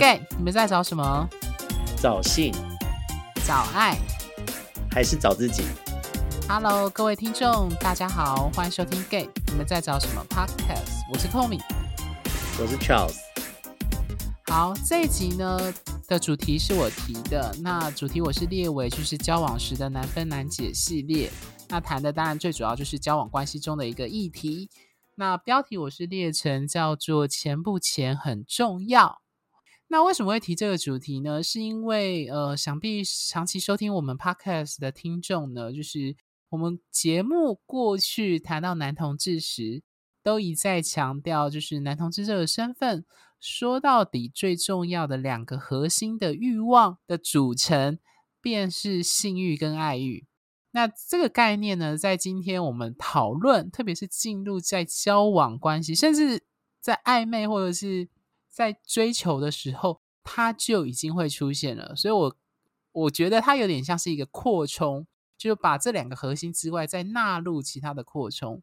Gay，你們在找什麼？找性，找愛，還是找自己？Hello，各位聽眾，大家好，歡迎收聽 Gay。你們在找什麼 Podcast？我是 Tommy，我是 Charles。好，這一集呢的主題是我提的。那主題我是列為就是交往時的難分難解系列。那談的當然最主要就是交往關係中的一個議題。那標題我是列成叫做“錢不錢很重要”。那為什麼會提這個主題呢？是因為，呃，想必長期收聽我們 Podcast 的聽眾呢，就是我們節目過去談到男同志時，都一再強調，就是男同志這個身份，說到底最重要的兩個核心的欲望的組成，便是性欲跟愛欲。那這個概念呢，在今天我們討論，特別是進入在交往關係，甚至在曖昧或者是。在追求的時候，它就已經會出現了，所以我，我我覺得它有點像是一個擴充，就把這兩個核心之外，再納入其他的擴充。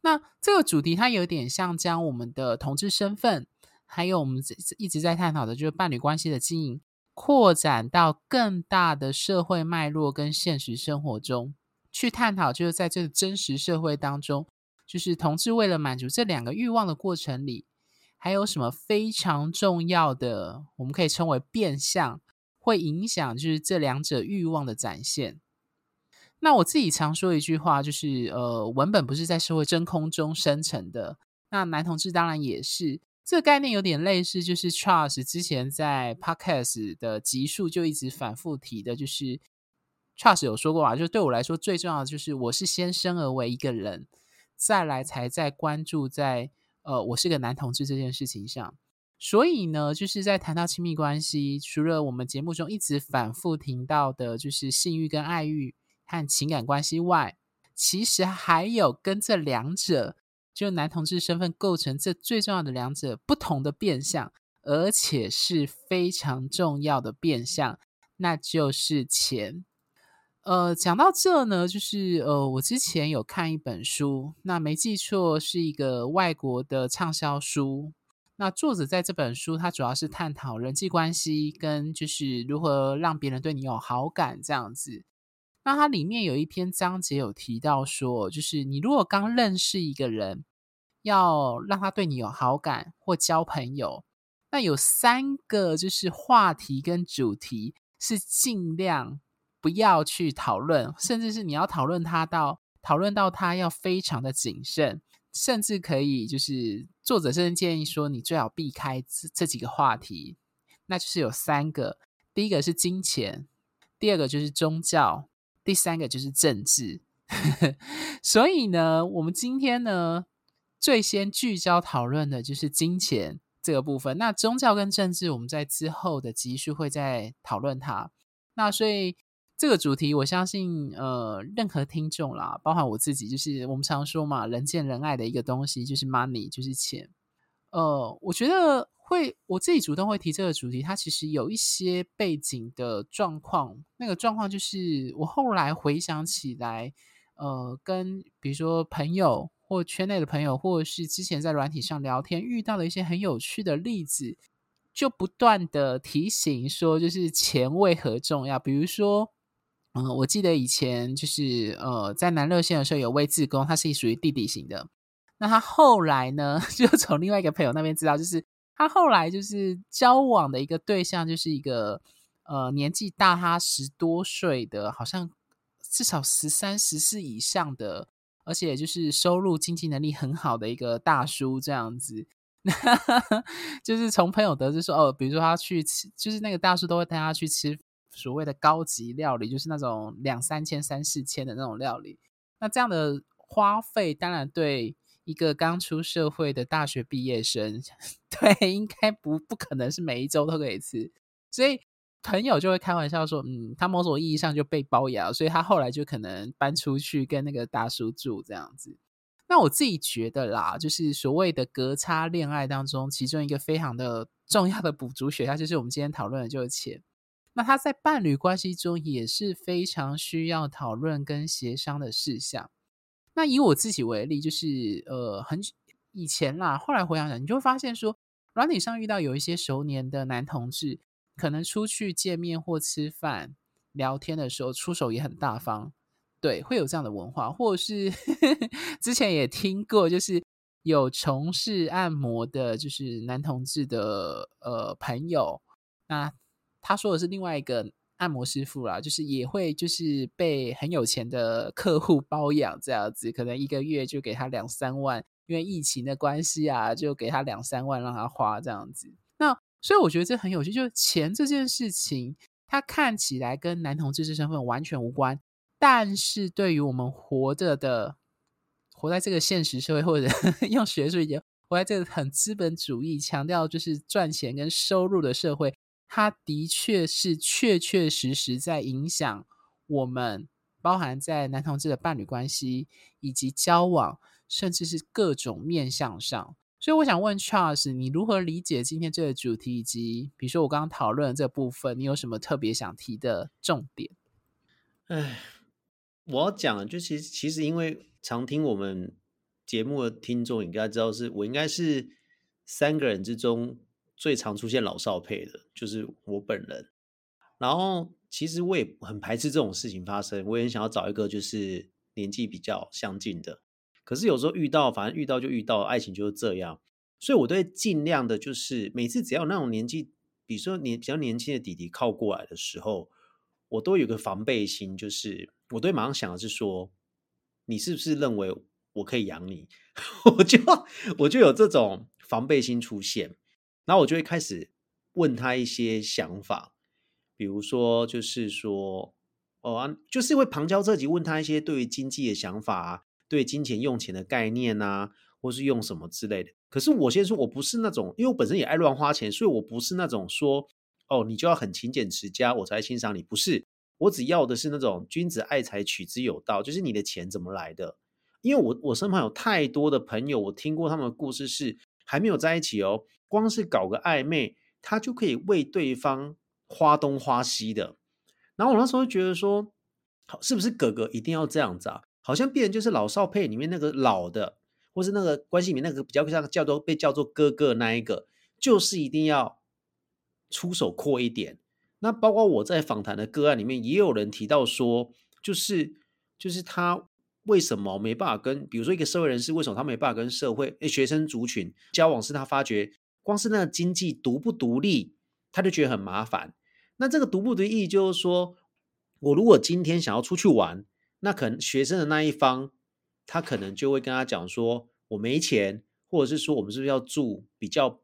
那這個主題，它有點像將我們的同志身份，還有我們一直在探討的，就是伴侶關係的經營，擴展到更大的社會脈絡跟現實生活中去探討，就是在這個真實社會當中，就是同志為了滿足這兩個慾望的過程裡。還有什麼非常重要的？我們可以稱為變相，會影響就是這兩者欲望的展現。那我自己常說一句話，就是呃，文本不是在社會真空中生成的。那男同志當然也是，這個、概念有點類似。就是 Charles 之前在 Podcast 的集數就一直反覆提的，就是 Charles、嗯、有說過啊，就是對我來說最重要的就是，我是先生而為一個人，再來才在關注在。呃，我是個男同志這件事情上，所以呢，就是在談到親密關係，除了我們節目中一直反覆聽到的，就是性欲跟愛欲和情感關係外，其實還有跟這兩者，就男同志身份構成這最重要的兩者不同的變相，而且是非常重要的變相，那就是錢。呃，講到這呢，就是呃，我之前有看一本書，那沒記錯是一個外國的暢銷書。那作者在這本書，他主要是探討人際關係跟就是如何讓別人對你有好感這樣子。那它裡面有一篇章節有提到說，就是你如果剛認識一個人，要讓他對你有好感或交朋友，那有三個就是話題跟主題是盡量。不要去討論，甚至是你要討論它到討論到它要非常的謹慎，甚至可以就是作者甚至建議說你最好避開這這幾個話題，那就是有三個：第一個是金錢，第二個就是宗教，第三個就是政治。 所以呢，我們今天呢，最先聚焦討論的就是金錢這個部分。那宗教跟政治，我們在之後的集數會再討論它。那所以。這個主題，我相信，呃，任何聽眾啦，包含我自己，就是我們常說嘛，人見人愛的一個東西，就是 money，就是錢。呃，我覺得會我自己主動會提這個主題，它其實有一些背景的狀況。那個狀況就是我後來回想起來，呃，跟比如說朋友或圈內的朋友，或者是之前在軟體上聊天遇到的一些很有趣的例子，就不斷地提醒說，就是錢為何重要，比如說，嗯，我記得以前就是呃，在南熱線的時候有位志工，他是屬於弟弟型的。那他後來呢，就從另外一個朋友那邊知道，就是他後來就是交往的一個對象，就是一個呃年紀大他十多歲的，好像至少十三十四以上的，而且就是收入經濟能力很好的一個大叔這樣子。就是從朋友得知說，哦，比如說他去吃，就是那個大叔都會帶他去吃。所謂的高級料理，就是那種兩三千、三四千的那種料理。那這樣的花費，當然對一個剛出社會的大學畢業生，對，應該不不可能是每一周都可以吃。所以朋友就會開玩笑說：“嗯，他某種意義上就被包養。”所以，他後來就可能搬出去跟那個大叔住這樣子。那我自己覺得啦，就是所謂的格差戀愛當中，其中一個非常的重要的補足學校就是我們今天討論的就是錢。那他在伴侶關係中也是非常需要討論跟協商的事項。那以我自己為例，就是呃，很久以前啦，後來回想想，你就會發現說，軟體上遇到有一些熟年的男同志，可能出去見面或吃飯聊天的時候，出手也很大方，對，會有這樣的文化，或者是呵呵之前也聽過，就是有從事按摩的，就是男同志的呃朋友，那。他說的是另外一個按摩師傅啦、啊，就是也會就是被很有錢的客戶包養這樣子，可能一個月就給他兩三萬，因為疫情的關係啊，就給他兩三萬讓他花這樣子。那所以我覺得這很有趣，就是錢這件事情，它看起來跟男同志這身份完全無關，但是對於我們活着的，活在這個現實社會，或者呵呵用學術一點，活在這個很資本主義強調就是賺錢跟收入的社會。他的確是確確實實在影響我們，包含在男同志的伴侶關係以及交往，甚至是各種面向上。所以我想問 Charles，你如何理解今天這個主題？以及比如說我剛剛討論的這部分，你有什麼特別想提的重點？哎，我要講，就其實其實因為常聽我們節目的聽眾，你應該知道是我應該是三個人之中。最常出現老少配的，就是我本人。然後其實我也很排斥這種事情發生，我也很想要找一個就是年紀比較相近的。可是有時候遇到，反正遇到就遇到，愛情就是這樣。所以我都會盡量的，就是每次只要那種年紀，比如說年比較年輕的弟弟靠過來的時候，我都有一個防備心，就是我都會馬上想的是說，你是不是認為我可以養你？我就我就有這種防備心出現。那我就會開始問他一些想法，比如說就是說哦，就是會旁敲側擊問他一些對於經濟的想法啊，對金錢用錢的概念吶、啊，或是用什麼之類的。可是我先說，我不是那種，因為我本身也愛亂花錢，所以我不是那種說哦，你就要很勤儉持家，我才欣賞你。不是，我只要的是那種君子愛財，取之有道，就是你的錢怎麼來的。因為我我身旁有太多的朋友，我聽過他們的故事是還沒有在一起哦。光是搞個曖昧，他就可以為對方花東花西的。然後我那時候就覺得說，好，是不是哥哥一定要這樣子啊？好像變成就是老少配裡面那個老的，或是那個關係裡面那個比較像叫做被叫做哥哥那一個，就是一定要出手闊一點。那包括我在訪談的個案裡面，也有人提到說，就是就是他為什麼沒辦法跟，比如說一個社會人士，為什麼他沒辦法跟社會誒學生族群交往？是他發覺。光是那個經濟獨不獨立，他就覺得很麻煩。那這個獨不獨立意義，就是說我如果今天想要出去玩，那可能學生的那一方，他可能就會跟他講說，我沒錢，或者是說我們是不是要住比較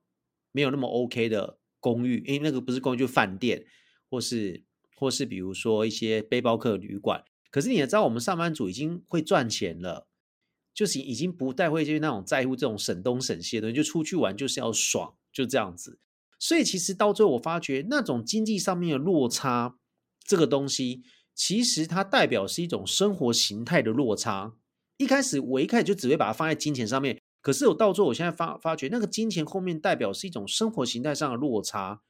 沒有那麼 OK 的公寓？因為那個不是公寓，就飯店，或是或是比如說一些背包客旅館。可是你也知道，我們上班族已經會賺錢了。就是已經不太會去那種在乎這種省東省西的東西，就出去玩就是要爽，就這樣子。所以其實到最後我發覺，那種經濟上面的落差這個東西，其實它代表是一種生活形態的落差。一開始我一開始就只會把它放在金錢上面，可是我到最後我現在發發覺，那個金錢後面代表是一種生活形態上的落差，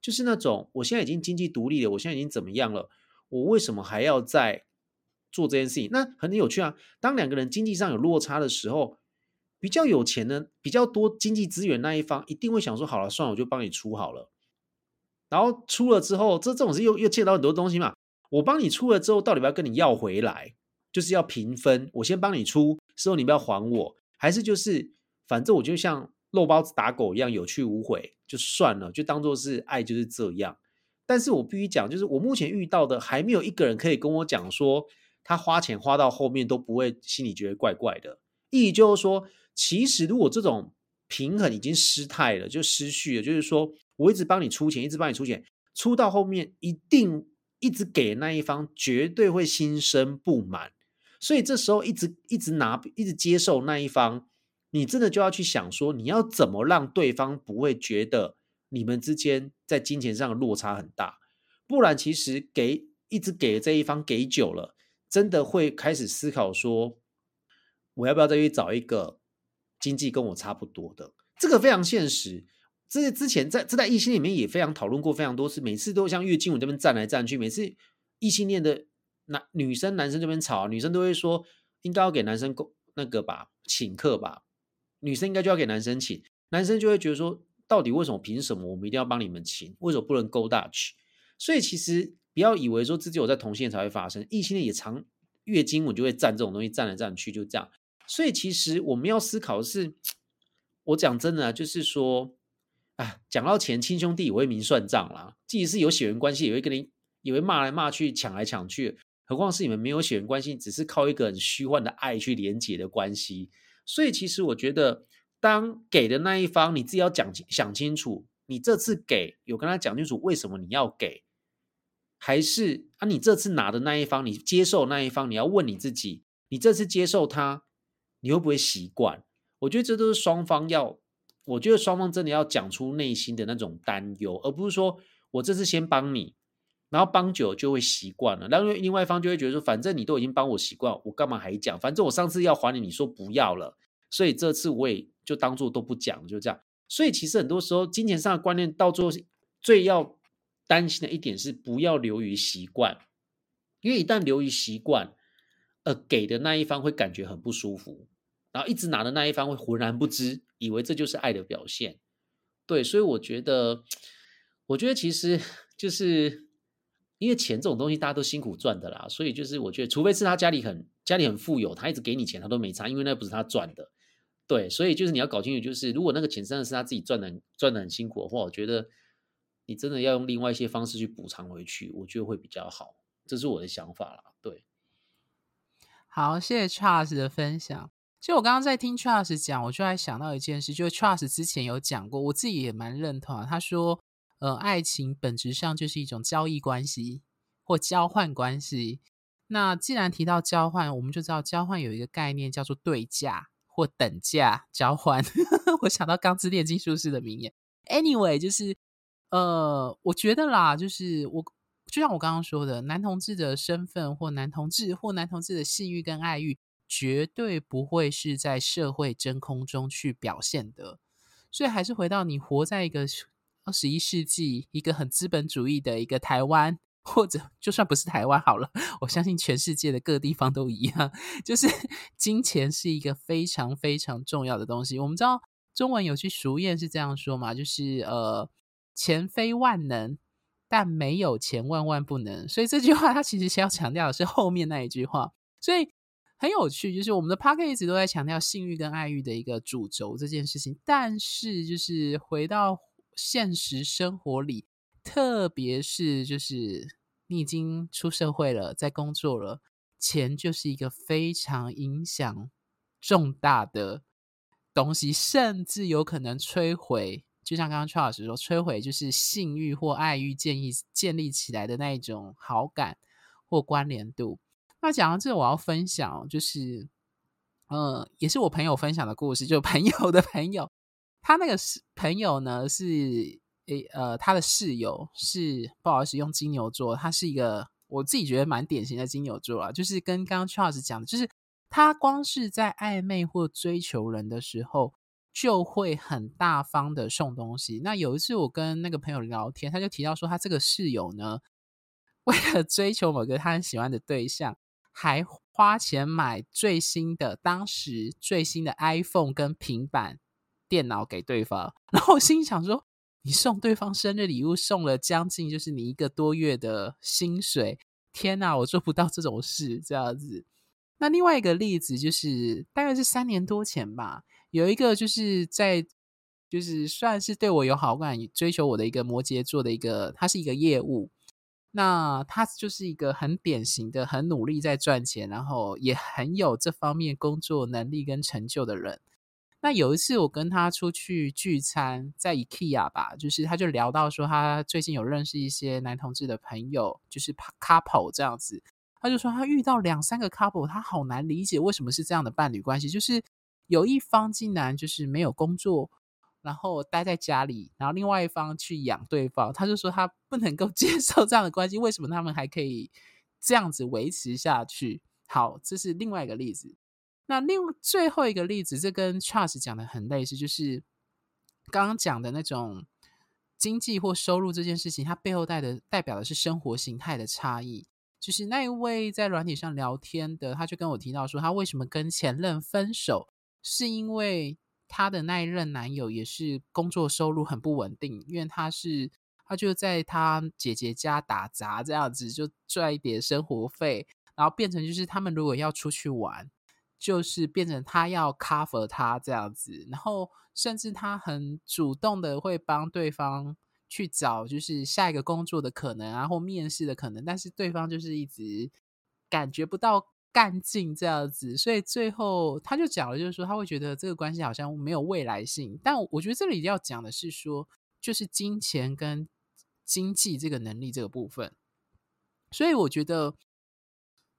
就是那種我現在已經經濟獨立了，我現在已經怎麼樣了，我為什麼還要在？做這件事情，那很有趣啊。當兩個人經濟上有落差的時候，比較有錢呢，比較多經濟資源那一方，一定會想說：好了，算了，我就幫你出好了。然後出了之後，這這種事又又借到很多東西嘛。我幫你出了之後，到底要不要跟你要回來，就是要平分。我先幫你出，之後你不要還我，還是就是反正我就像肉包子打狗一樣有去無回，就算了，就當做是愛就是這樣。但是我必須講，就是我目前遇到的還沒有一個人可以跟我講說。他花錢花到後面都不會心裡覺得怪怪的，意思就是說，其實如果這種平衡已經失態了，就失序了。就是說，我一直幫你出錢，一直幫你出錢，出到後面一定一直給的那一方，絕對會心生不滿。所以這時候一直一直拿一直接受那一方，你真的就要去想說，你要怎麼讓對方不會覺得你們之間在金錢上的落差很大？不然其實給一直給這一方給久了。真的會開始思考說，我要不要再去找一個經濟跟我差不多的？這個非常現實。這是之前在這代異性裡面也非常討論過非常多次，每次都像月經我這邊站來站去，每次異性戀的男女生男生這邊吵，女生都會說應該要給男生勾那個吧，請客吧，女生應該就要給男生請，男生就會覺得說，到底為什麼憑什麼我們一定要幫你們請？為什麼不能 go Dutch？所以其實。不要以為說自己有在同性戀才會發生，異性戀也常月經我就會占這種東西，占來占去就這樣。所以其實我們要思考的是，我講真的，就是說，啊，講到錢，親兄弟也會明算賬啦。即使是有血緣關係，也會跟你，也會罵來罵去，搶來搶去。何況是你們沒有血緣關係，只是靠一個很虛幻的愛去連結的關係。所以其實我覺得，當給的那一方，你自己要講清，想清楚，你這次給，有跟他講清楚為什麼你要給。還是啊，你這次拿的那一方，你接受那一方，你要問你自己，你這次接受他，你會不會習慣？我覺得這都是雙方要，我覺得雙方真的要講出內心的那種擔憂，而不是說我這次先幫你，然後幫久了就會習慣了，然後另外一方就會覺得說，反正你都已經幫我習慣，我幹嘛還講？反正我上次要還你，你說不要了，所以這次我也就當做都不講，就這樣。所以其實很多時候，金錢上的觀念，到最後，最要擔心的一點是不要流於習慣，因為一旦流於習慣，呃，給的那一方會感覺很不舒服，然後一直拿的那一方會渾然不知，以為這就是愛的表現。對，所以我覺得，我覺得其實就是因為錢這種東西大家都辛苦賺的啦，所以就是我覺得，除非是他家裡很家裡很富有，他一直給你錢，他都沒差，因為那不是他賺的。對，所以就是你要搞清楚，就是如果那個錢真的是他自己賺的，賺的很辛苦的話，我覺得。你真的要用另外一些方式去補償回去，我覺得會比較好。這是我的想法啦。對，好，謝謝 Charles 的分享。其實我剛剛在聽 Charles 講，我就還想到一件事，就是 Charles 之前有講過，我自己也蠻認同啊。他說，呃，愛情本質上就是一種交易關係或交換關係。那既然提到交換，我們就知道交換有一個概念叫做對價或等價交換。 我想到《鋼之鍊金術師》的名言，Anyway，就是。呃，我覺得啦，就是我，就像我剛剛說的，男同志的身份或男同志或男同志的性欲跟愛欲，絕對不會是在社會真空中去表現的。所以還是回到你活在一個二十一世紀，一個很資本主義的一個台灣，或者就算不是台灣好了，我相信全世界的各地方都一樣，就是金錢是一個非常非常重要的東西。我們知道中文有句俗諺是這樣說嘛，就是呃。錢非萬能，但沒有錢萬萬不能。所以這句話，它其實是要強調的是後面那一句話。所以很有趣，就是我們的 Parker 一直都在強調性慾跟愛慾的一個主軸這件事情。但是，就是回到現實生活裡，特別是就是你已經出社會了，在工作了，錢就是一個非常影響重大的東西，甚至有可能摧毀。就像剛剛邱老師說，摧毀就是性欲或愛欲建立建立起來的那一種好感或關聯度。那講到這，我要分享就是，嗯、呃，也是我朋友分享的故事，就朋友的朋友，他那個朋友呢是誒，呃，他的室友是，不好意思，用金牛座，他是一個我自己覺得蠻典型的金牛座啊，就是跟剛剛邱老師講的，就是他光是在曖昧或追求人的時候。就會很大方的送東西。那有一次我跟那個朋友聊天，他就提到說，他這個室友呢，為了追求某個他很喜歡的對象，還花錢買最新的、當時最新的 iPhone 跟平板電腦給對方。然後我心裡想說，你送對方生日禮物，送了將近就是你一個多月的薪水。天哪，我做不到這種事，這樣子。那另外一個例子就是，大概是三年多前吧。有一個就是在就是算是對我有好感、追求我的一個摩羯座的，一個他是一個業務，那他就是一個很典型的、很努力在賺錢，然後也很有這方面工作能力跟成就的人。那有一次我跟他出去聚餐，在 IKEA 吧，就是他就聊到說，他最近有認識一些男同志的朋友，就是 couple 這樣子，他就說他遇到兩三個 couple，他好難理解為什麼是這樣的伴侶關係，就是。有一方竟然就是沒有工作，然後待在家裡，然後另外一方去養對方，他就說他不能夠接受這樣的關係，為什麼他們還可以這樣子維持下去？好，這是另外一個例子。那另最後一個例子這跟 Charles 講的很類似，就是剛剛講的那種經濟或收入這件事情，它背後帶的代表的是生活形態的差異。就是那一位在軟體上聊天的，他就跟我提到說，他為什麼跟前任分手。是因為他的那一任男友也是工作收入很不穩定，因為他是，他就在他姐姐家打雜這樣子，就賺一點生活費，然後變成就是他們如果要出去玩，就是變成他要 cover 他這樣子，然後甚至他很主動的會幫對方去找就是下一個工作的可能啊，或面試的可能，但是對方就是一直感覺不到幹勁這樣子，所以最後他就講了，就是說他會覺得這個關係好像沒有未來性。但我覺得這裡要講的是說，就是金錢跟經濟這個能力這個部分。所以我覺得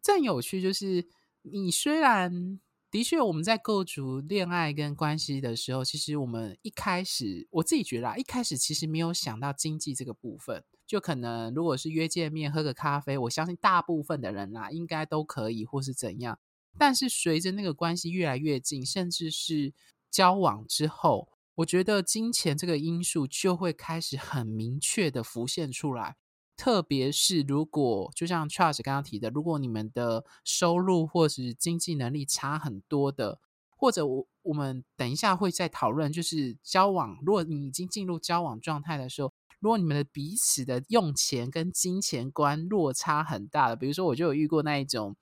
很有趣，就是你雖然。的確，我們在構築戀愛跟關係的時候，其實我們一開始我自己覺得啊，一開始其實沒有想到經濟這個部分，就可能如果是約見面喝個咖啡，我相信大部分的人啦，啊，應該都可以或是怎樣。但是隨着那個關係越來越近，甚至是交往之後，我覺得金錢這個因素就會開始很明確的浮現出來。特別是如果就像 Charles 剛剛提的，如果你們的收入或是經濟能力差很多的，或者我我們等一下會再討論，就是交往。若你已經進入交往狀態的時候，如果你們的彼此的用錢跟金錢觀落差很大的，比如說我就有遇過那一種，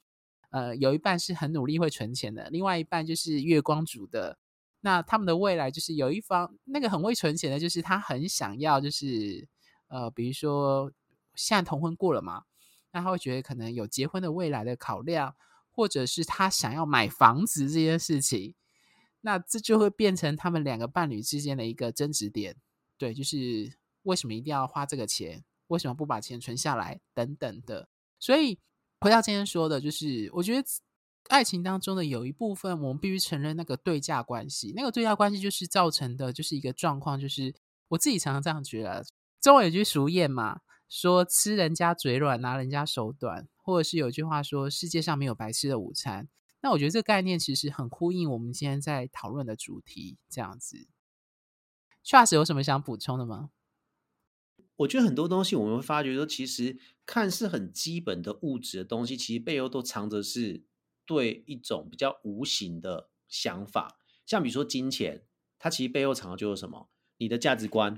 呃，有一半是很努力會存錢的，另外一半就是月光族的。那他們的未來就是有一方那個很會存錢的，就是他很想要，就是呃，比如說。現在同婚過了嘛，那他會覺得可能有結婚的未來的考量，或者是他想要買房子這件事情，那這就會變成他們兩個伴侶之間的一個爭執點。對，就是為什麼一定要花這個錢？為什麼不把錢存下來？等等的。所以回到今天說的，就是我覺得愛情當中的有一部分，我們必須承認那個對價關係。那個對價關係就是造成的，就是一個狀況，就是我自己常常這樣覺得。中文有句俗諺嘛。說吃人家嘴軟，拿人家手短，或者是有句話說：世界上沒有白吃的午餐。那我覺得這個概念其實很呼應我們今天在討論的主題，這樣子。Charles 有什麼想補充的嗎？我覺得很多東西，我們發覺說，其實看似很基本的物質的東西，其實背後都藏着是對一種比較無形的想法。像比如說金錢，它其實背後藏的就是什麼？你的價值觀。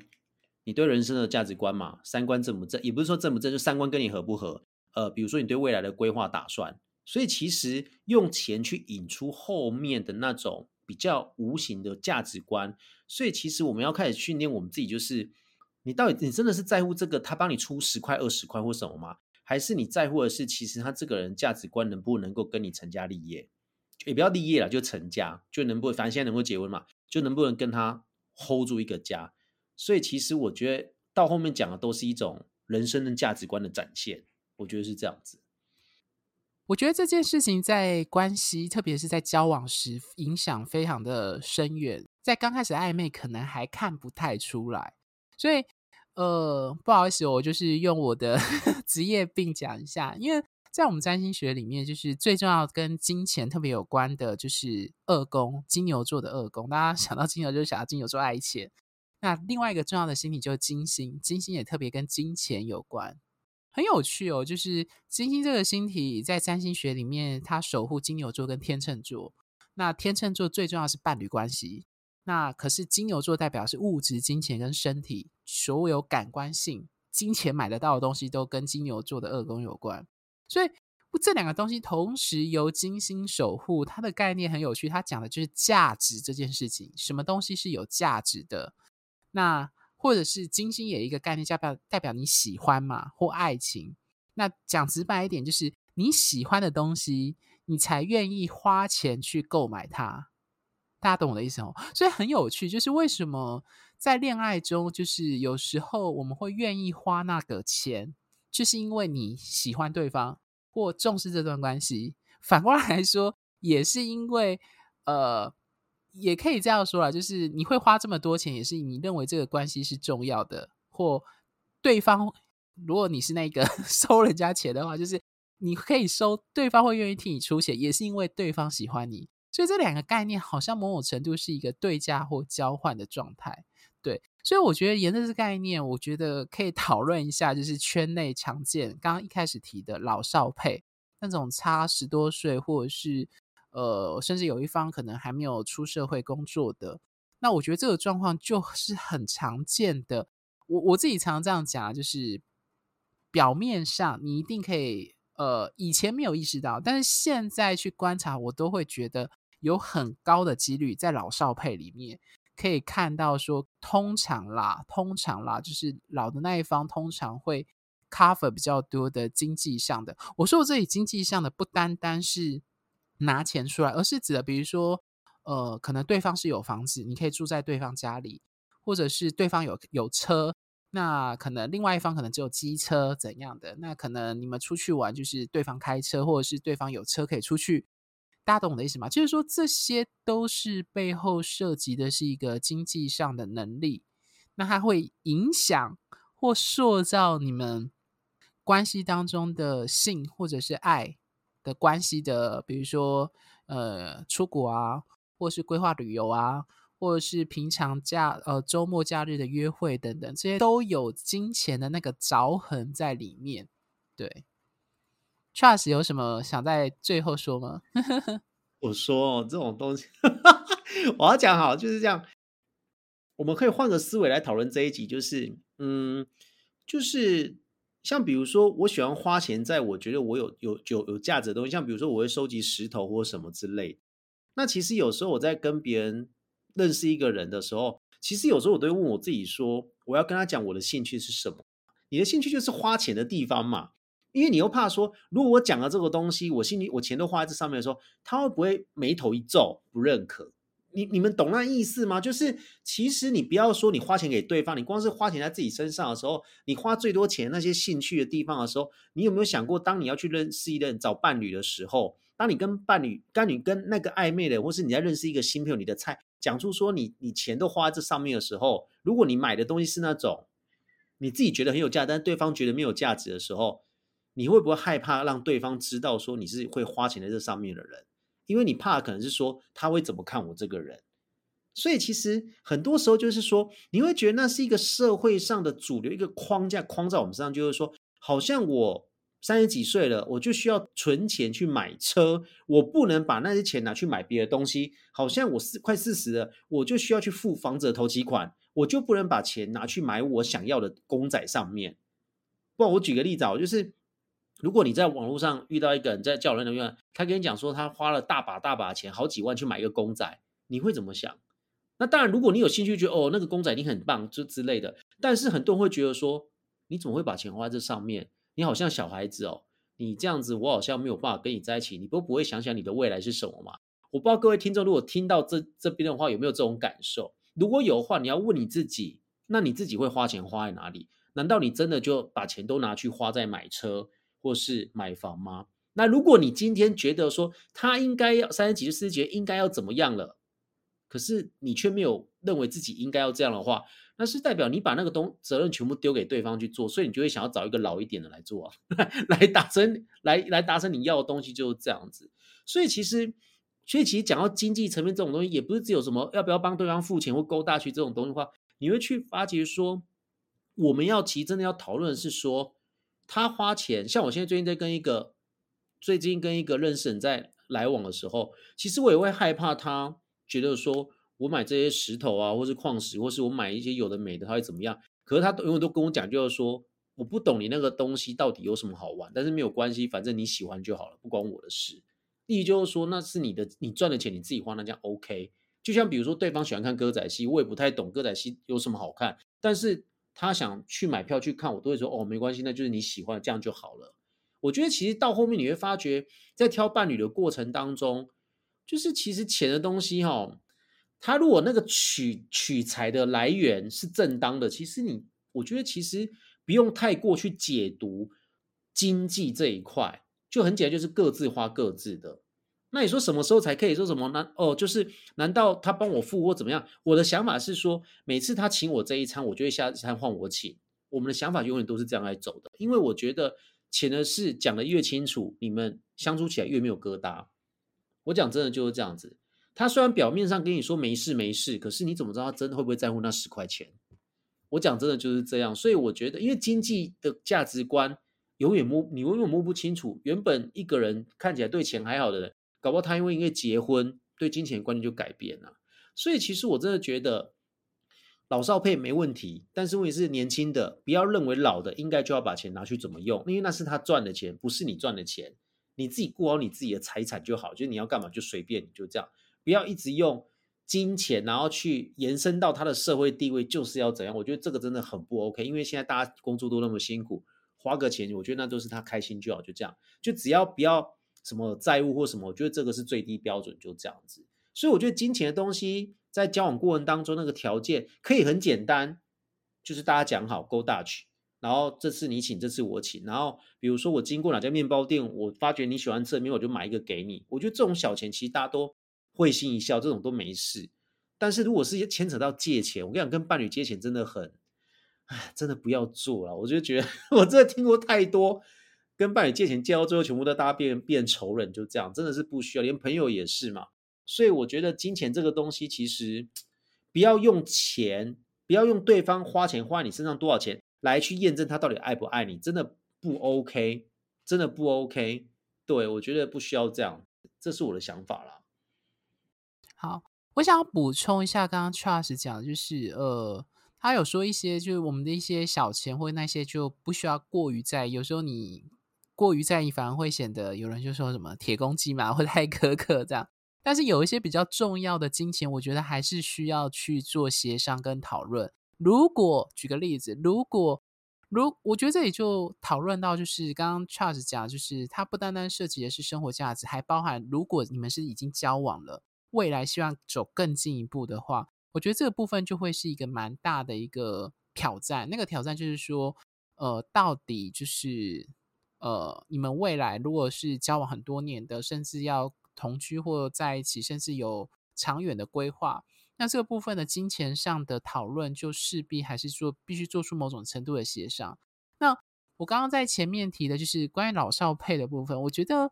你對人生的價值觀嘛，三觀正不正？也不是說正不正，就三觀跟你合不合？呃，比如說你對未來的規劃打算，所以其實用錢去引出後面的那種比較無形的價值觀。所以其實我們要開始訓練我們自己，就是你到底你真的是在乎這個，他幫你出十塊二十塊或什麼嗎？還是你在乎的是，其實他這個人價值觀能不能夠跟你成家立業？也不要立業啦，就成家，就能不能？反正現在能夠結婚嘛，就能不能跟他 hold 住一個家？所以其實我覺得到後面講的都是一種人生的價值觀的展現，我覺得是這樣子。我覺得這件事情在關係，特別是在交往時，影響非常的深遠。在剛開始的曖昧，可能還看不太出來。所以，呃，不好意思，我就是用我的呵呵職業病講一下，因為在我們占星學裡面，就是最重要跟金錢特別有關的就是二宮金牛座的二宮。大家想到金牛，就想到金牛座愛錢。那另外一個重要的星體就是金星，金星也特別跟金錢有關，很有趣哦。就是金星這個星體在占星學裡面，它守護金牛座跟天秤座。那天秤座最重要的是伴侶關係，那可是金牛座代表是物質、金錢跟身體所有感官性金錢買得到的東西，都跟金牛座的二宮有關。所以這兩個東西同時由金星守護，它的概念很有趣，它講的就是價值這件事情，什麼東西是有價值的。那或者是金星有一個概念，代表代表你喜歡嘛，或愛情。那講直白一點，就是你喜歡的東西，你才願意花錢去購買它。大家懂我的意思嗎、哦？所以很有趣，就是為什麼在戀愛中，就是有時候我們會願意花那個錢，就是因為你喜歡對方或重視這段關係。反過來說，也是因為呃。也可以這樣說啦，就是你會花這麼多錢，也是你認為這個關係是重要的，或對方，如果你是那個收人家錢的話，就是你可以收，對方會願意替你出錢，也是因為對方喜歡你，所以這兩個概念好像某種程度是一個對價或交換的狀態，對，所以我覺得沿着這概念，我覺得可以討論一下，就是圈內常見，剛剛一開始提的老少配那種差十多歲或者是。呃，甚至有一方可能還沒有出社會工作的，那我覺得這個狀況就是很常見的。我我自己常常這樣講，就是表面上你一定可以，呃，以前沒有意識到，但是現在去觀察，我都會覺得有很高的幾率在老少配裡面可以看到說，通常啦，通常啦，就是老的那一方通常會 cover 比較多的經濟上的。我說我這裡經濟上的不單單是。拿錢出來，而是指的，比如說，呃，可能對方是有房子，你可以住在對方家裡，或者是對方有有車，那可能另外一方可能只有機車怎樣的，那可能你們出去玩就是對方開車，或者是對方有車可以出去，大家懂我的意思嗎？就是說這些都是背後涉及的是一個經濟上的能力，那它會影響或塑造你們關係當中的性或者是愛。的關係的，比如說呃，出國啊，或是規劃旅遊啊，或者是平常假呃周末假日的約會等等，這些都有金錢的那個鑿痕在裡面。對，Trust 有什麼想在最後說嗎？ 我說、哦、這種東西， 我要講好就是這樣。我們可以換個思維來討論這一集，就是嗯，就是。像比如說，我喜歡花錢在我覺得我有有有有價值的東西。像比如說，我會收集石頭或什麼之類。那其實有時候我在跟別人認識一個人的時候，其實有時候我都會問我自己說，我要跟他講我的興趣是什麼？你的興趣就是花錢的地方嘛，因為你又怕說，如果我講了這個東西，我興趣我錢都花在這上面的時候，他會不會眉頭一皺，不認可？你你們懂那意思嗎？就是其實你不要說你花錢給對方，你光是花錢在自己身上的時候，你花最多錢那些興趣的地方的時候，你有沒有想過，當你要去認識一個人，找伴侶的時候，當你跟伴侶，當你跟那個曖昧的，或是你在認識一個新朋友，你的菜講出說你你錢都花在這上面的時候，如果你買的東西是那種你自己覺得很有價值，但對方覺得沒有價值的時候，你會不會害怕讓對方知道說你是會花錢在這上面的人？因為你怕，可能是說他會怎麼看我這個人，所以其實很多時候就是說，你會覺得那是一個社會上的主流一個框架框在我們身上，就是說，好像我三十幾歲了，我就需要存錢去買車，我不能把那些錢拿去買別的東西。好像我四快四十了，我就需要去付房子的頭期款，我就不能把錢拿去買我想要的公仔上面。不，我舉個例子，啊，就是。如果你在網絡上遇到一個人在教流的面，他跟你講說他花了大把大把錢，好幾萬去買一個公仔，你會怎麼想？那當然，如果你有興趣，覺得哦那個公仔你很棒，就之類的。但是很多人會覺得說，你怎麼會把錢花在這上面？你好像小孩子哦，你這樣子，我好像沒有辦法跟你在一起。你不不會想想你的未來是什麼嗎？我不知道各位聽眾如果聽到這這邊的話，有沒有這種感受？如果有的話，你要問你自己，那你自己會花錢花在哪裡？難道你真的就把錢都拿去花在買車？或是買房嗎？那如果你今天覺得說他應該要三十幾、四十幾應該要怎麼樣了，可是你卻沒有認為自己應該要這樣的話，那是代表你把那個東責任全部丟給對方去做，所以你就會想要找一個老一點的來做啊，來達成，來來達成你要的東西就是這樣子。所以其實，所以其實講到經濟層面這種東西，也不是只有什麼要不要幫對方付錢或勾搭去這種東西的話，你會去發覺說，我們要其實真的要討論的是說。他花錢，像我現在最近在跟一個，最近跟一個認識人在來往的時候，其實我也會害怕他覺得說，我買這些石頭啊，或是礦石，或是我買一些有的沒的，他會怎麼樣？可是他都永遠都跟我講，就是說，我不懂你那個東西到底有什麼好玩，但是沒有關係，反正你喜歡就好了，不關我的事。意思就是說，那是你的，你賺的錢你自己花，那叫 OK。就像比如說，對方喜歡看歌仔戲，我也不太懂歌仔戲有什麼好看，但是。他想去買票去看，我都會說哦，沒關係，那就是你喜歡，這樣就好了。我覺得其實到後面你會發覺，在挑伴侶的過程當中，就是其實錢的東西哈、哦，他如果那個取取財的來源是正當的，其實你，我覺得其實不用太過去解讀經濟這一塊，就很簡單，就是各自花各自的。那你說什麼時候才可以說什麼呢？哦，就是難道他幫我付或怎麼樣？我的想法是說，每次他請我這一餐，我就會下一餐換我請。我們的想法永遠都是這樣來走的，因為我覺得錢的事講得越清楚，你們相處起來越沒有疙瘩。我講真的就是這樣子。他雖然表面上跟你說沒事沒事，可是你怎麼知道他真的會不會在乎那十塊錢？我講真的就是這樣。所以我覺得，因為經濟的價值觀永遠摸，你永遠摸不清楚。原本一個人看起來對錢還好的人。搞不好他因為因為結婚對金錢觀念就改變了，所以其實我真的覺得老少配沒問題，但是問題是年輕的不要認為老的應該就要把錢拿去怎麼用，因為那是他賺的錢，不是你賺的錢，你自己顧好你自己的財產就好，就是你要幹嘛就隨便，你就這樣，不要一直用金錢然後去延伸到他的社會地位就是要怎樣，我覺得這個真的很不 OK，因為現在大家工作都那麼辛苦，花個錢我覺得那都是他開心就好，就這樣，就只要不要。什麼債務或什麼，我覺得這個是最低標準，就這樣子。所以我覺得金錢的東西在交往過程當中，那個條件可以很簡單，就是大家講好 go Dutch，然後這次你請，這次我請，然後比如說我經過哪家麵包店，我發覺你喜歡吃的麵，我就買一個給你。我覺得這種小錢其實大家都會心一笑，這種都沒事。但是如果是牽扯到借錢，我跟你講，跟伴侶借錢真的很，哎，真的不要做啦。我就覺得我真的聽過太多。跟伴侶借錢交，借到最後，全部都大家變變仇人，就這樣，真的是不需要，連朋友也是嘛。所以我覺得金錢這個東西，其實不要用錢，不要用對方花錢花在你身上多少錢來去驗證他到底愛不愛你，真的不 OK，真的不 OK 對。對我覺得不需要這樣，這是我的想法啦。好，我想要補充一下，剛剛 Charles 講就是，呃，他有說一些就是我們的一些小錢或那些就不需要過於在意，有時候你。過於在意，反而會顯得有人就說什麼“鐵公雞”嘛，會太苛刻這樣。但是有一些比較重要的金錢，我覺得還是需要去做協商跟討論。如果舉個例子，如果如果我覺得這裡就討論到，就是剛剛 Charles 講，就是它不單單涉及的是生活價值，還包含如果你們是已經交往了，未來希望走更進一步的話，我覺得這個部分就會是一個蠻大的一個挑戰。那個挑戰就是說，呃，到底就是。呃，你們未來如果是交往很多年的，甚至要同居或在一起，甚至有長遠的規劃，那這個部分的金錢上的討論就勢必還是做必須做出某種程度的協商。那我剛剛在前面提的，就是關於老少配的部分，我覺得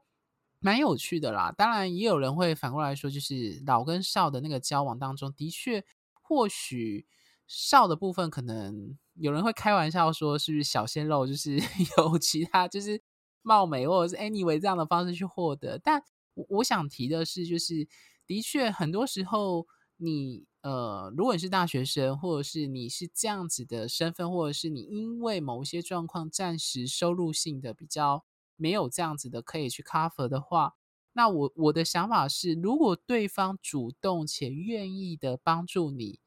蠻有趣的啦。當然，也有人會反過來說，就是老跟少的那個交往當中，的確或許少的部分可能。有人會開玩笑說是，是小鮮肉，就是有其他，就是貌美，或者是 anyway 這樣的方式去獲得。但，我我想提的是，就是的確，很多時候你，呃，如果你是大學生，或者是你是這樣子的身份，或者是你因為某一些狀況暫時收入性的比較沒有這樣子的可以去 cover 的話，那我我的想法是，如果對方主動且願意的幫助你。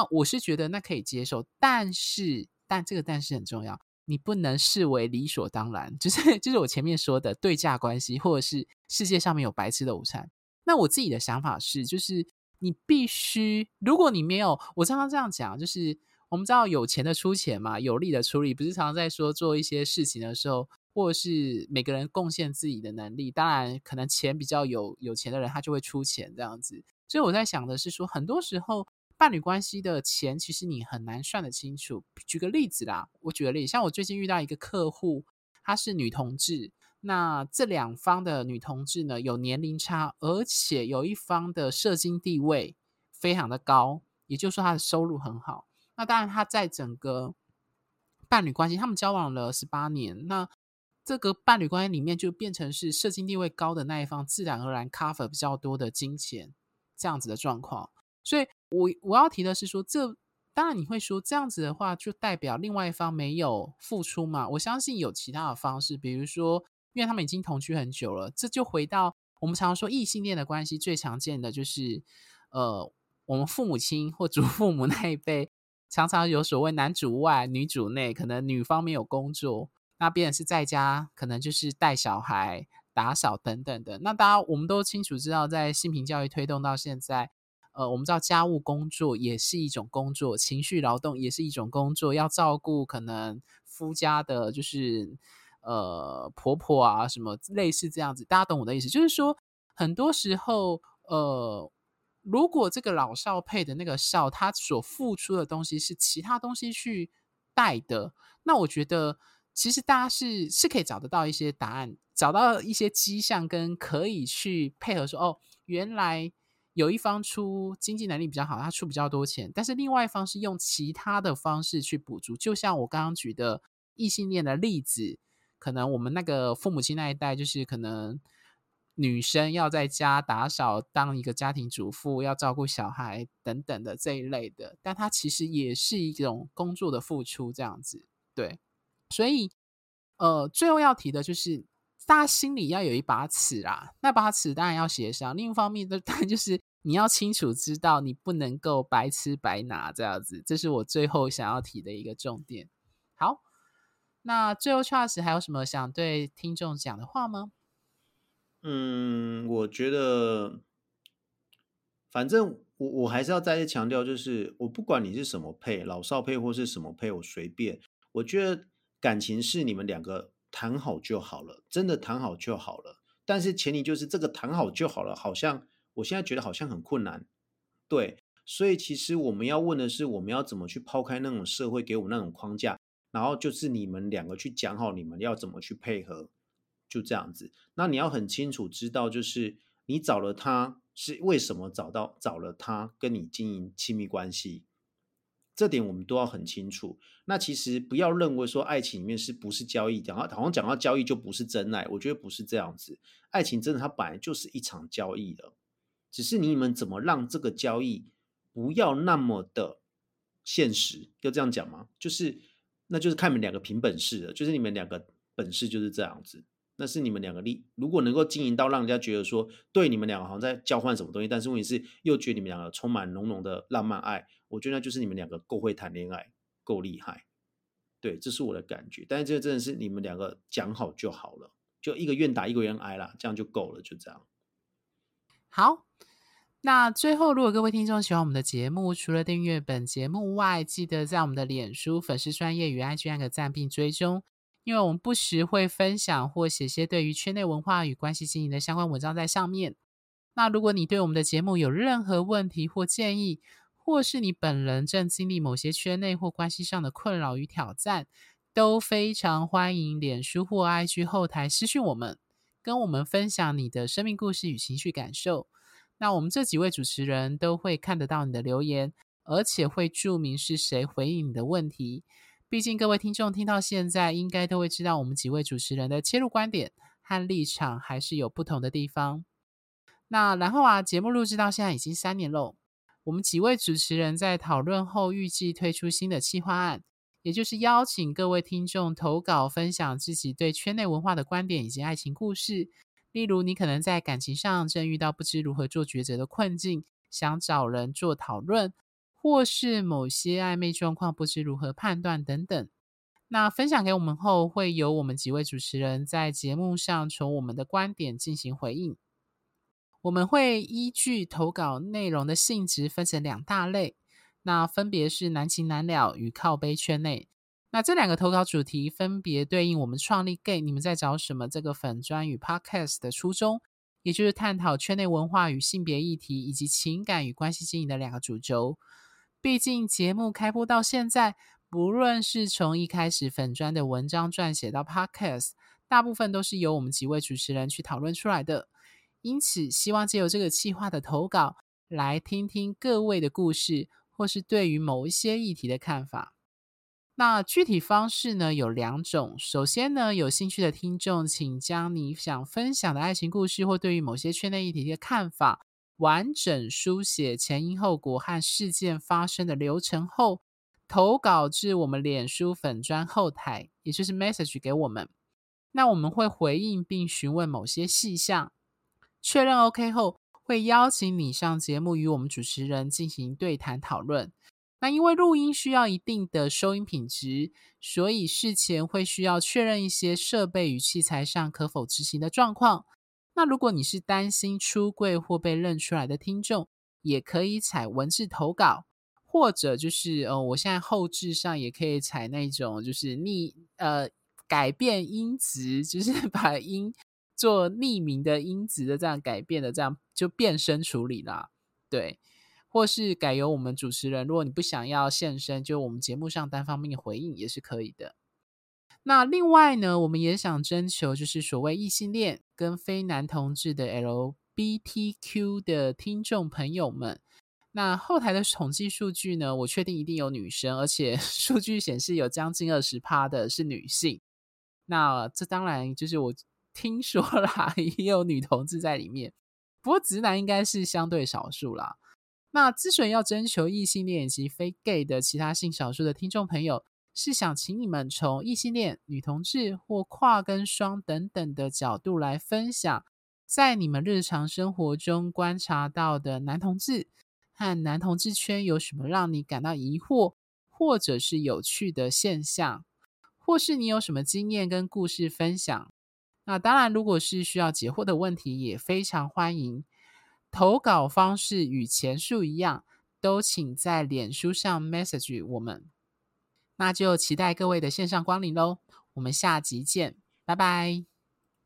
那我是覺得那可以接受，但是但這個但是很重要，你不能視為理所當然，就是就是我前面說的對價關係，或者是世界上面有白吃的午餐。那我自己的想法是，就是你必須，如果你沒有，我常常這樣講，就是我們知道有錢的出錢嘛，有力的出力，不是常常在說做一些事情的時候，或者是每個人貢獻自己的能力。當然，可能錢比較有有錢的人，他就會出錢這樣子。所以我在想的是說，很多時候。伴侶關係的錢，其實你很難算得清楚。舉個例子啦，我舉個例，像我最近遇到一個客戶，她是女同志，那這兩方的女同志呢，有年齡差，而且有一方的社經地位非常的高，也就是說她的收入很好。那當然，她在整個伴侶關係，他們交往了十八年，那這個伴侶關係裡面就變成是社經地位高的那一方，自然而然 cover 比較多的金錢這樣子的狀況，所以。我我要提的是說，這當然你會說這樣子的話，就代表另外一方沒有付出嘛？我相信有其他的方式，比如說，因為他們已經同居很久了，這就回到我們常說異性戀的關係最常見的就是，呃，我們父母親或祖父母那一輩常常有所謂男主外女主內，可能女方沒有工作，那別人是在家，可能就是帶小孩、打掃等等的。那大家我們都清楚知道，在性平教育推動到現在。呃，我們知道家務工作也是一種工作，情緒勞動也是一種工作。要照顧可能夫家的，就是呃婆婆啊，什麼類似這樣子，大家懂我的意思。就是說，很多時候，呃，如果這個老少配的那個少，他所付出的東西是其他東西去帶的，那我覺得其實大家是是可以找得到一些答案，找到一些跡象，跟可以去配合說，哦，原來。有一方出經濟能力比較好，他出比較多錢，但是另外一方是用其他的方式去補足。就像我剛剛舉的異性戀的例子，可能我們那個父母親那一代，就是可能女生要在家打掃、當一個家庭主婦、要照顧小孩等等的這一類的，但他其實也是一種工作的付出，這樣子。對，所以呃，最後要提的就是，大家心裡要有一把尺啦，那把尺當然要協商。另一方面，的當然就是。你要清楚知道，你不能夠白吃白拿這樣子，這是我最後想要提的一個重點。好，那最後 Charles 還有什麼想對聽眾講的話嗎？嗯，我覺得，反正我我還是要再次強調，就是我不管你是什麼配，老少配或是什麼配，我隨便。我覺得感情是你們兩個談好就好了，真的談好就好了。但是前提就是這個談好就好了，好像。我現在覺得好像很困難，對，所以其實我們要問的是，我們要怎麼去拋開那種社會給我們那種框架，然後就是你們兩個去講好你們要怎麼去配合，就這樣子。那你要很清楚知道，就是你找了他是為什麼找到找了他跟你經營親密關係，這點我們都要很清楚。那其實不要認為說愛情裡面是不是交易，講到好像講到交易就不是真愛，我覺得不是這樣子，愛情真的它本來就是一場交易的。只是你們怎麼讓這個交易不要那麼的現實，要這樣講嗎？就是，那就是看你們兩個憑本事的，就是你們兩個本事就是這樣子。那是你們兩個力。如果能夠經營到讓人家覺得說，對，你們兩個好像在交換什麼東西，但是問題是又覺得你們兩個充滿濃濃的浪漫愛。我覺得那就是你們兩個夠會談戀愛，夠厲害。對，這是我的感覺。但是這真的是你們兩個講好就好了，就一個願打一個願挨啦，這樣就夠了，就這樣。好。那最後，如果各位聽眾喜歡我們的節目，除了訂閱本節目外，記得在我們的臉書粉絲專頁與 IG 按個讚並追蹤，因為我們不時會分享或寫些對於圈內文化與關係經營的相關文章在上面。那如果你對我們的節目有任何問題或建議，或是你本人正經歷某些圈內或關係上的困擾與挑戰，都非常歡迎臉書或 IG 後台私訊我們，跟我們分享你的生命故事與情緒感受。那我們這幾位主持人都會看得到你的留言，而且會註明是誰回應你的問題。畢竟各位聽眾聽到現在，應該都會知道我們幾位主持人的切入觀點和立場還是有不同的地方。那然後啊，節目錄製到現在已經三年嘍。我們幾位主持人在討論後，預計推出新的企劃案，也就是邀請各位聽眾投稿分享自己對圈內文化的觀點以及愛情故事。例如，你可能在感情上正遇到不知如何做抉擇的困境，想找人做討論，或是某些曖昧狀況不知如何判斷等等。那分享給我們後，會由我們幾位主持人在節目上從我們的觀點進行回應。我們會依據投稿內容的性質分成兩大類，那分別是男情男了與靠杯圈內。那這兩個投稿主題分別對應我們創立 Gay，你們在找什麼？這個粉專與 Podcast 的初衷，也就是探討圈內文化與性別議題，以及情感與關係經營的兩個主軸。畢竟節目開播到現在，不論是從一開始粉專的文章撰寫到 Podcast，大部分都是由我們幾位主持人去討論出來的。因此，希望借由這個企劃的投稿，來聽聽各位的故事，或是對於某一些議題的看法。那具體方式呢，有兩種。首先呢，有興趣的聽眾，請將你想分享的愛情故事或對於某些圈內議題的看法，完整書寫前因後果和事件發生的流程後，投稿至我們臉書粉專後台，也就是 message 給我們。那我們會回應並詢問某些細項，確認 OK 後，會邀請你上節目與我們主持人進行對談討論。那因為錄音需要一定的收音品質，所以事前會需要確認一些設備與器材上可否執行的狀況。那如果你是擔心出櫃或被認出來的聽眾，也可以採文字投稿，或者就是呃，我現在後製上也可以採那種就是匿呃改變音質，就是把音做匿名的音質的這樣改變的這樣就變聲處理啦。對。或是改由我們主持人，如果你不想要現身，就我們節目上單方面的回應也是可以的。那另外呢，我們也想徵求就是所謂異性戀跟非男同志的 LBTQ 的聽眾朋友們。那後台的統計數據呢，我確定一定有女生，而且數據顯示有將近二十趴的是女性。那這當然就是我聽說啦，也有女同志在裡面，不過直男應該是相對少數啦。那之所以要徵求異性戀以及非 gay 的其他性少數的聽眾朋友，是想請你們從異性戀、女同志或跨跟雙等等的角度來分享，在你們日常生活中觀察到的男同志和男同志圈有什麼讓你感到疑惑，或者是有趣的現象，或是你有什麼經驗跟故事分享。那當然，如果是需要解惑的問題，也非常歡迎。投稿方式與前述一樣，都請在臉書上 message 我們。那就期待各位的線上光臨嘍！我們下集見，拜拜！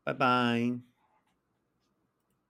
拜拜。